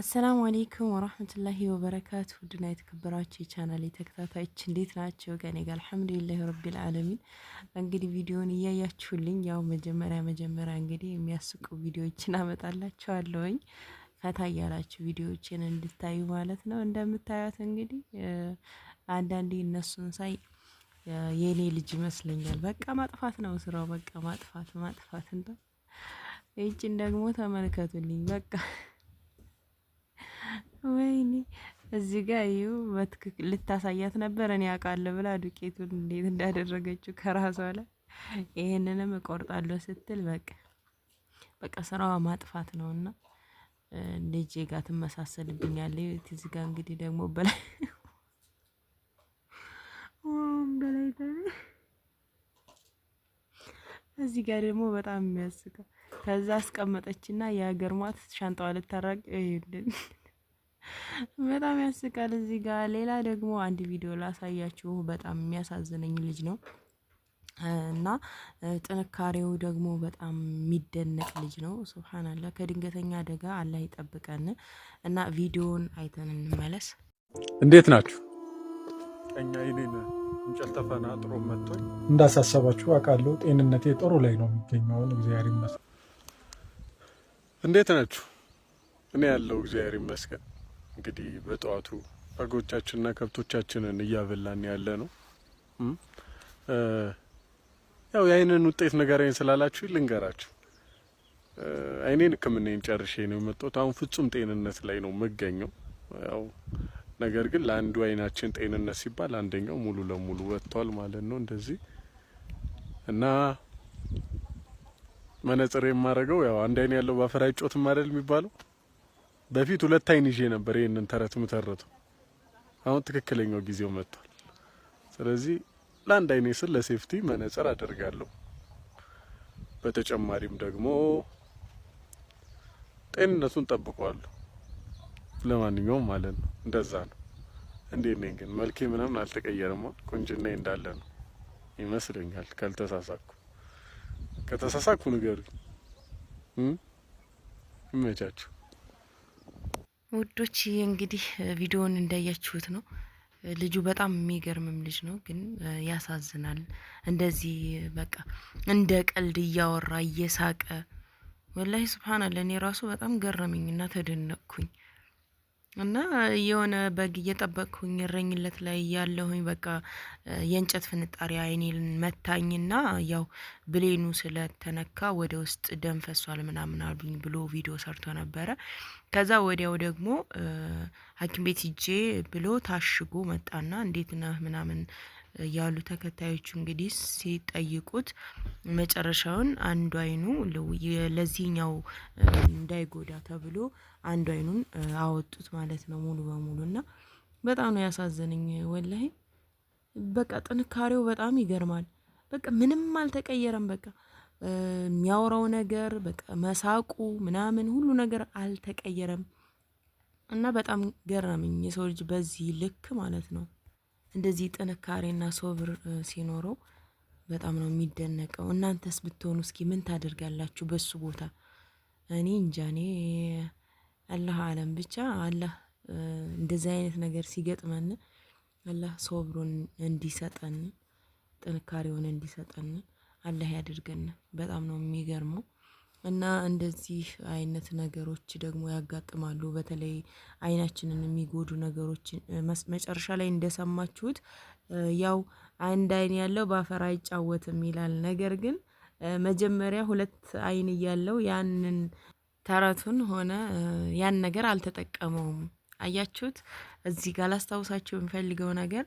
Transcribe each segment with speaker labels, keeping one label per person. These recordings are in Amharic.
Speaker 1: አሰላሙ አሌይኩም ወራህመቱላሂ ወበረካቱ። ውድና የተከበራችሁ የቻናል ተከታታዮች እንዴት ናቸው? ከኔ ጋር አልሐምዱሊላህ ረቢል አለሚን። እንግዲህ ቪዲዮን እያያችሁልኝ ያው መጀመሪያ መጀመሪያ እንግዲህ የሚያስቁ ቪዲዮዎችን አመጣላችኋለሁኝ ፈታ እያላችሁ ቪዲዮዎችን እንድታዩ ማለት ነው። እንደምታዩት እንግዲህ አንዳንዴ እነሱን ሳይ የእኔ ልጅ ይመስለኛል። በቃ ማጥፋት ነው ስራው፣ በቃ ማጥፋት ማጥፋት። እንደ ይችን ደግሞ ተመልከቱልኝ በቃ ወይኔ እዚህ ጋር እዩ። በትክክል ልታሳያት ነበር እኔ አውቃለሁ ብላ ዱቄቱን እንዴት እንዳደረገችው ከራሷ ላይ ይሄንንም እቆርጣለሁ ስትል በቃ በቃ ስራዋ ማጥፋት ነው። እና ልጄ ጋር ትመሳሰልብኛለች። እዚህ ጋር እንግዲህ ደግሞ በላይ በላይ እዚህ ጋር ደግሞ በጣም የሚያስቀው ከዛ አስቀመጠችና የሀገር ሟት ሻንጣዋ ልታራቅ ይሄ በጣም ያስቃል። እዚህ ጋር ሌላ ደግሞ አንድ ቪዲዮ ላሳያችሁ። በጣም የሚያሳዝነኝ ልጅ ነው እና ጥንካሬው ደግሞ በጣም የሚደነቅ ልጅ ነው። ሱብሃናላ ከድንገተኛ አደጋ አላህ ይጠብቀን። እና ቪዲዮውን አይተን እንመለስ።
Speaker 2: እንዴት ናችሁ? እኛ ይኔን እንጨት ተፈና ጥሮ እንዳሳሰባችሁ አውቃለሁ። ጤንነቴ ጥሩ ላይ ነው የሚገኘውን እግዚአብሔር ይመስገን። እንዴት ናችሁ? እኔ ያለው እግዚአብሔር ይመስገን። እንግዲህ በጠዋቱ በጎቻችንና ከብቶቻችንን እያበላን ያለ ነው። ያው የአይንን ውጤት ንገረኝ ስላላችሁ ልንገራችሁ። አይኔን ሕክምናዬን ጨርሼ ነው የመጣሁት። አሁን ፍጹም ጤንነት ላይ ነው የምገኘው። ያው ነገር ግን ለአንዱ አይናችን ጤንነት ሲባል አንደኛው ሙሉ ለሙሉ ወጥቷል ማለት ነው እንደዚህ እና መነጽር የማደርገው ያው አንድ አይን ያለው ባፈር አይጮትም አይደል የሚባለው በፊት ሁለት አይን ይዤ ነበር ይህንን ተረት ምተረቱ። አሁን ትክክለኛው ጊዜው መጥቷል። ስለዚህ ለአንድ አይኔ ስል ለሴፍቲ መነጽር አደርጋለሁ። በተጨማሪም ደግሞ ጤንነቱን ጠብቀዋለሁ። ለማንኛውም ማለት ነው እንደዛ ነው። እንዴት ነኝ ግን መልኬ ምናምን አልተቀየረም። ቁንጅና እንዳለ ነው ይመስለኛል። ካልተሳሳኩ ከተሳሳኩ ንገሩኝ። ይመቻችሁ።
Speaker 1: ውዶች እንግዲህ ቪዲዮን እንዳያችሁት ነው። ልጁ በጣም የሚገርምም ልጅ ነው፣ ግን ያሳዝናል። እንደዚህ በቃ እንደ ቀልድ እያወራ እየሳቀ ወላሂ ስብሓን እኔ ራሱ በጣም ገረመኝና ተደነቅኩኝ። እና የሆነ በግ እየጠበቅኩኝ እረኝለት ላይ ያለሁኝ በቃ የእንጨት ፍንጣሪ አይኔን መታኝና ያው ብሌኑ ስለተነካ ወደ ውስጥ ደም ፈሷል ምናምን አሉኝ ብሎ ቪዲዮ ሰርቶ ነበረ። ከዛ ወዲያው ደግሞ ሐኪም ቤት ሂጄ ብሎ ታሽጎ መጣና እንዴት ነህ ምናምን ያሉ ተከታዮቹ እንግዲህ ሲጠይቁት መጨረሻውን አንዱ አይኑ ለዚህኛው እንዳይጎዳ ተብሎ አንዱ አይኑን አወጡት ማለት ነው ሙሉ በሙሉ እና በጣም ነው ያሳዘነኝ። ወላሂ በቃ ጥንካሬው በጣም ይገርማል። በቃ ምንም አልተቀየረም። በቃ የሚያወራው ነገር በቃ መሳቁ ምናምን ሁሉ ነገር አልተቀየረም እና በጣም ገረመኝ። የሰው ልጅ በዚህ ልክ ማለት ነው እንደዚህ ጥንካሬና ሶብር ሲኖረው በጣም ነው የሚደነቀው። እናንተስ ብትሆኑ እስኪ ምን ታደርጋላችሁ በሱ ቦታ? እኔ እንጃ፣ እኔ አላህ አለም ብቻ። አላህ እንደዚህ አይነት ነገር ሲገጥመን አላህ ሶብሩን እንዲሰጠን ጥንካሬውን እንዲሰጠን አላህ ያድርገን። በጣም ነው የሚገርመው። እና እንደዚህ አይነት ነገሮች ደግሞ ያጋጥማሉ። በተለይ አይናችንን የሚጎዱ ነገሮች መጨረሻ ላይ እንደሰማችሁት ያው አንድ አይን ያለው በአፈር አይጫወትም ይላል። ነገር ግን መጀመሪያ ሁለት አይን እያለው ያንን ተረቱን ሆነ ያን ነገር አልተጠቀመውም። አያችሁት? እዚህ ጋር ላስታውሳችሁ የምፈልገው ነገር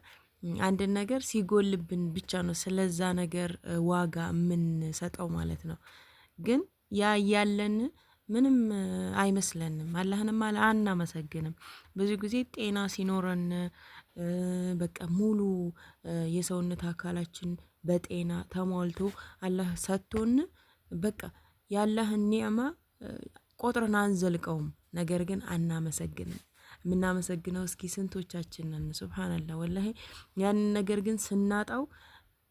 Speaker 1: አንድን ነገር ሲጎልብን ብቻ ነው ስለዛ ነገር ዋጋ የምንሰጠው ማለት ነው ግን ያ እያለን ምንም አይመስለንም፣ አላህንም አናመሰግንም። ብዙ ጊዜ ጤና ሲኖረን በቃ ሙሉ የሰውነት አካላችን በጤና ተሟልቶ አላህ ሰጥቶን በቃ ያላህን ኒዕማ ቆጥረን አንዘልቀውም። ነገር ግን አናመሰግንም። የምናመሰግነው እስኪ ስንቶቻችንን? ሱብሃነላህ ወላሂ። ያንን ነገር ግን ስናጣው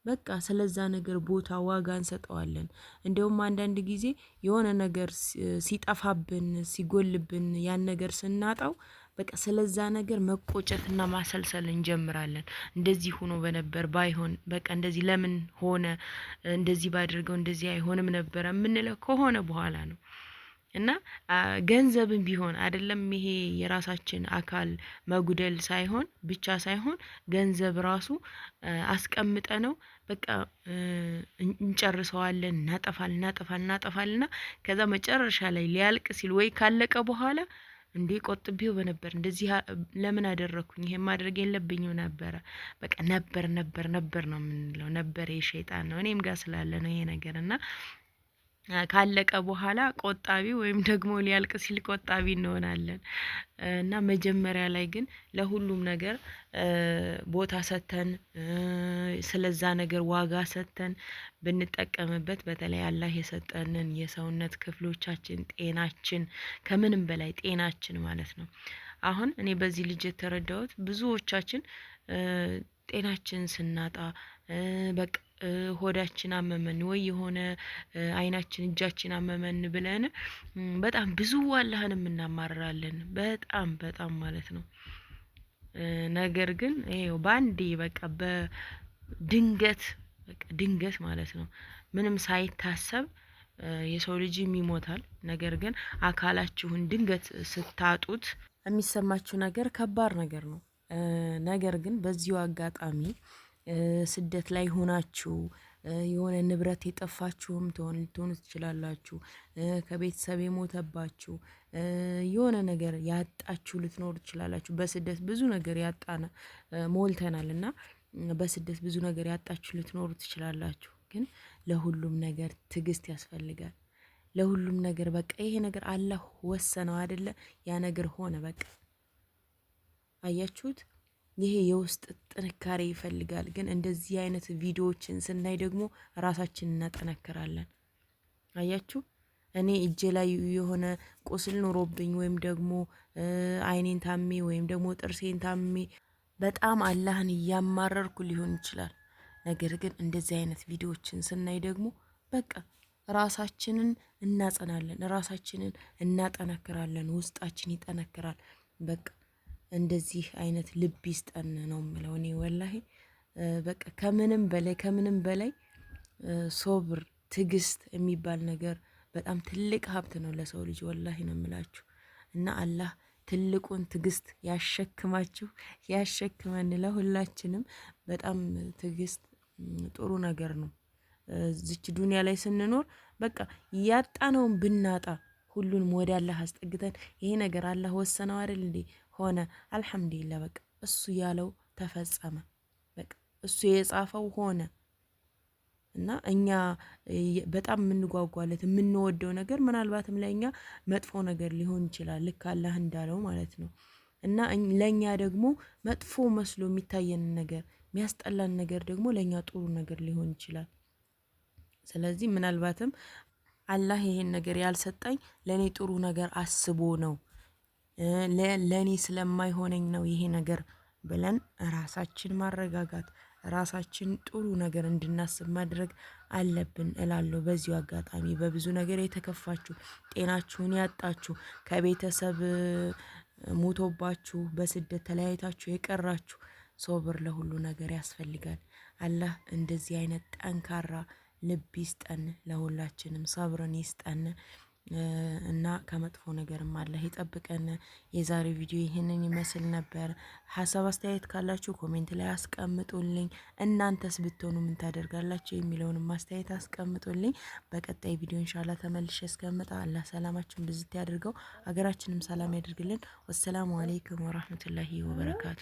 Speaker 1: በቃ ስለዛ ነገር ቦታ ዋጋ እንሰጠዋለን። እንደውም አንዳንድ ጊዜ የሆነ ነገር ሲጠፋብን ሲጎልብን ያን ነገር ስናጣው በቃ ስለዛ ነገር መቆጨትና ማሰልሰል እንጀምራለን። እንደዚህ ሆኖ በነበር ባይሆን በቃ እንደዚህ ለምን ሆነ እንደዚህ ባደርገው እንደዚህ አይሆንም ነበረ የምንለው ከሆነ በኋላ ነው እና ገንዘብም ቢሆን አይደለም ይሄ የራሳችን አካል መጉደል ሳይሆን ብቻ ሳይሆን ገንዘብ ራሱ አስቀምጠ ነው። በቃ እንጨርሰዋለን እናጠፋል እናጠፋል እናጠፋል እና ከዛ መጨረሻ ላይ ሊያልቅ ሲል ወይ ካለቀ በኋላ እንዴ ቆጥቤው በነበር እንደዚህ ለምን አደረኩኝ? ይሄ ማድረግ የለብኝም ነበረ። በቃ ነበር ነበር ነበር ነው የምንለው። ነበር የሸይጣን ነው እኔም ጋር ስላለ ነው ይሄ ነገር እና ካለቀ በኋላ ቆጣቢ ወይም ደግሞ ሊያልቅ ሲል ቆጣቢ እንሆናለን እና መጀመሪያ ላይ ግን ለሁሉም ነገር ቦታ ሰጥተን ስለዛ ነገር ዋጋ ሰጥተን ብንጠቀምበት በተለይ አላህ የሰጠንን የሰውነት ክፍሎቻችን ጤናችን፣ ከምንም በላይ ጤናችን ማለት ነው። አሁን እኔ በዚህ ልጅ የተረዳሁት ብዙዎቻችን ጤናችን ስናጣ በቃ ሆዳችን አመመን ወይ የሆነ አይናችን፣ እጃችን አመመን ብለን በጣም ብዙ አላህን እናማርራለን። በጣም በጣም ማለት ነው። ነገር ግን ይኸው በአንዴ በቃ በድንገት ድንገት ማለት ነው ምንም ሳይታሰብ የሰው ልጅም ይሞታል። ነገር ግን አካላችሁን ድንገት ስታጡት የሚሰማችሁ ነገር ከባድ ነገር ነው። ነገር ግን በዚሁ አጋጣሚ ስደት ላይ ሆናችሁ የሆነ ንብረት የጠፋችሁም ትሆን ልትሆኑ ትችላላችሁ። ከቤተሰብ የሞተባችሁ የሆነ ነገር ያጣችሁ ልትኖሩ ትችላላችሁ። በስደት ብዙ ነገር ያጣነ ሞልተናል እና በስደት ብዙ ነገር ያጣችሁ ልትኖሩ ትችላላችሁ። ግን ለሁሉም ነገር ትዕግስት ያስፈልጋል። ለሁሉም ነገር በቃ ይሄ ነገር አላህ ወሰነው አይደለ? ያ ነገር ሆነ በቃ አያችሁት? ይሄ የውስጥ ጥንካሬ ይፈልጋል። ግን እንደዚህ አይነት ቪዲዮዎችን ስናይ ደግሞ ራሳችን እናጠነክራለን። አያችሁ እኔ እጄ ላይ የሆነ ቁስል ኑሮብኝ ወይም ደግሞ አይኔን ታሜ ወይም ደግሞ ጥርሴን ታሜ በጣም አላህን እያማረርኩ ሊሆን ይችላል። ነገር ግን እንደዚህ አይነት ቪዲዮዎችን ስናይ ደግሞ በቃ ራሳችንን እናጸናለን፣ ራሳችንን እናጠነክራለን፣ ውስጣችን ይጠነክራል። በቃ እንደዚህ አይነት ልብ ይስጠን ነው የምለው። እኔ ወላሂ በቃ ከምንም በላይ ከምንም በላይ ሶብር ትዕግስት የሚባል ነገር በጣም ትልቅ ሀብት ነው ለሰው ልጅ ወላሂ ነው የምላችሁ። እና አላህ ትልቁን ትግስት ያሸክማችሁ ያሸክመን ለሁላችንም። በጣም ትግስት ጥሩ ነገር ነው። እዚች ዱንያ ላይ ስንኖር በቃ ያጣነውን ብናጣ ሁሉንም ወደ አላህ አስጠግተን ይሄ ነገር አላህ ወሰነው አይደል እንዴ ሆነ። አልሐምዱሊላ በቃ እሱ ያለው ተፈጸመ። በቃ እሱ የጻፈው ሆነ እና እኛ በጣም የምንጓጓለት የምንወደው ነገር ምናልባትም ለእኛ መጥፎ ነገር ሊሆን ይችላል። ልክ አላህ እንዳለው ማለት ነው እና ለእኛ ደግሞ መጥፎ መስሎ የሚታየን ነገር የሚያስጠላን ነገር ደግሞ ለእኛ ጥሩ ነገር ሊሆን ይችላል። ስለዚህ ምናልባትም አላህ ይሄን ነገር ያልሰጠኝ ለእኔ ጥሩ ነገር አስቦ ነው ለእኔ ስለማይሆነኝ ነው ይሄ ነገር ብለን ራሳችን ማረጋጋት ራሳችን ጥሩ ነገር እንድናስብ ማድረግ አለብን እላለሁ። በዚሁ አጋጣሚ በብዙ ነገር የተከፋችሁ ጤናችሁን ያጣችሁ ከቤተሰብ ሞቶባችሁ በስደት ተለያይታችሁ የቀራችሁ ሶብር ለሁሉ ነገር ያስፈልጋል። አላህ እንደዚህ አይነት ጠንካራ ልብ ይስጠን፣ ለሁላችንም ሰብርን ይስጠን። እና ከመጥፎ ነገርም አላህ ይጠብቀን። የዛሬው ቪዲዮ ይህንን ይመስል ነበር። ሀሳብ አስተያየት ካላችሁ ኮሜንት ላይ አስቀምጡልኝ። እናንተስ ብትሆኑ ምን ታደርጋላችሁ የሚለውን አስተያየት አስቀምጡልኝ። በቀጣይ ቪዲዮ እንሻላ ተመልሼ እስከምጣ አላህ ሰላማችሁን ብዝት ያድርገው፣ ሀገራችንም ሰላም ያድርግልን። ወሰላሙ አሌይኩም ወራህመቱላሂ ወበረካቱ።